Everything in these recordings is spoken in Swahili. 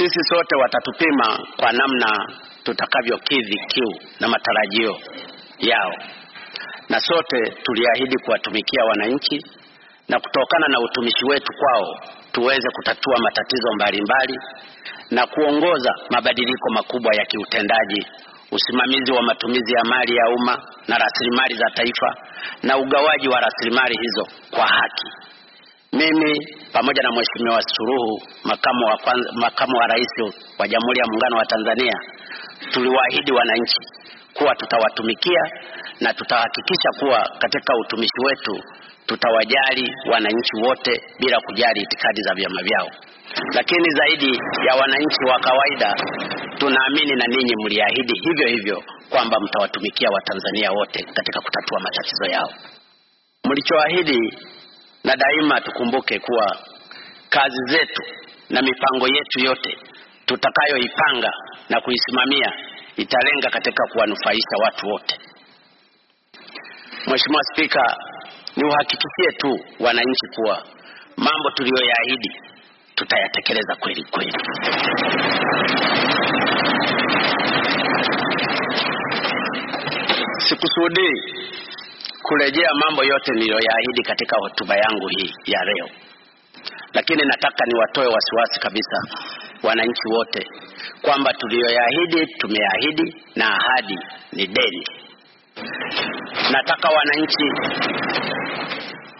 sisi sote watatupima kwa namna tutakavyokidhi kiu na matarajio yao, na sote tuliahidi kuwatumikia wananchi na kutokana na utumishi wetu kwao tuweze kutatua matatizo mbalimbali na kuongoza mabadiliko makubwa ya kiutendaji, usimamizi wa matumizi ya mali ya umma na rasilimali za taifa na ugawaji wa rasilimali hizo kwa haki mimi pamoja na Mheshimiwa Suluhu makamu wa, kwanza, makamu wa rais wa Jamhuri ya Muungano wa Tanzania tuliwaahidi wananchi kuwa tutawatumikia na tutahakikisha kuwa katika utumishi wetu tutawajali wananchi wote bila kujali itikadi za vyama vyao. Lakini zaidi ya wananchi wa kawaida, tunaamini na ninyi mliahidi hivyo hivyo kwamba mtawatumikia Watanzania wote katika kutatua matatizo yao. Mlichoahidi na daima tukumbuke kuwa kazi zetu na mipango yetu yote tutakayoipanga na kuisimamia italenga katika kuwanufaisha watu wote. Mheshimiwa Spika, niuhakikishie tu wananchi kuwa mambo tuliyoyaahidi tutayatekeleza kweli kweli. Sikusudii kurejea mambo yote niliyoyaahidi katika hotuba yangu hii ya leo, lakini nataka niwatoe wasiwasi kabisa wananchi wote kwamba tuliyoyaahidi tumeahidi na ahadi ni deni. Nataka wananchi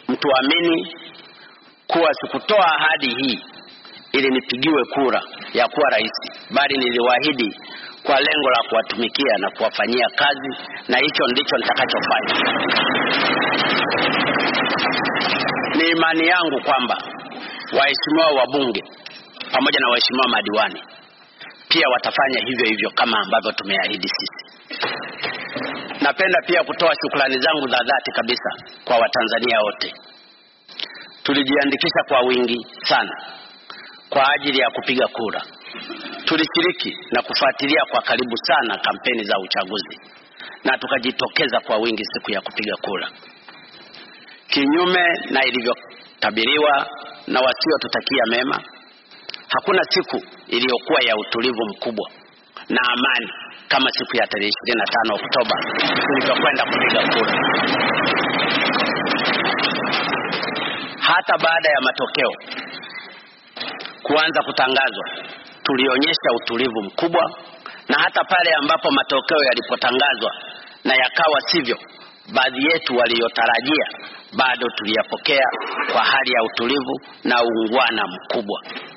mtuamini kuwa sikutoa ahadi hii ili nipigiwe kura ya kuwa rais, bali niliwaahidi kwa lengo la kuwatumikia na kuwafanyia kazi, na hicho ndicho nitakachofanya. Ni imani yangu kwamba waheshimiwa wabunge pamoja na waheshimiwa madiwani pia watafanya hivyo hivyo kama ambavyo tumeahidi sisi. Napenda pia kutoa shukrani zangu za dhati kabisa kwa Watanzania wote. Tulijiandikisha kwa wingi sana kwa ajili ya kupiga kura. Tulishiriki na kufuatilia kwa karibu sana kampeni za uchaguzi na tukajitokeza kwa wingi siku ya kupiga kura, kinyume na ilivyotabiriwa na wasiotutakia mema. Hakuna siku iliyokuwa ya utulivu mkubwa na amani kama siku ya tarehe 25 Oktoba tulipokwenda kupiga kura. Hata baada ya matokeo kuanza kutangazwa tulionyesha utulivu mkubwa, na hata pale ambapo matokeo yalipotangazwa na yakawa sivyo baadhi yetu waliyotarajia, bado tuliyapokea kwa hali ya utulivu na uungwana mkubwa.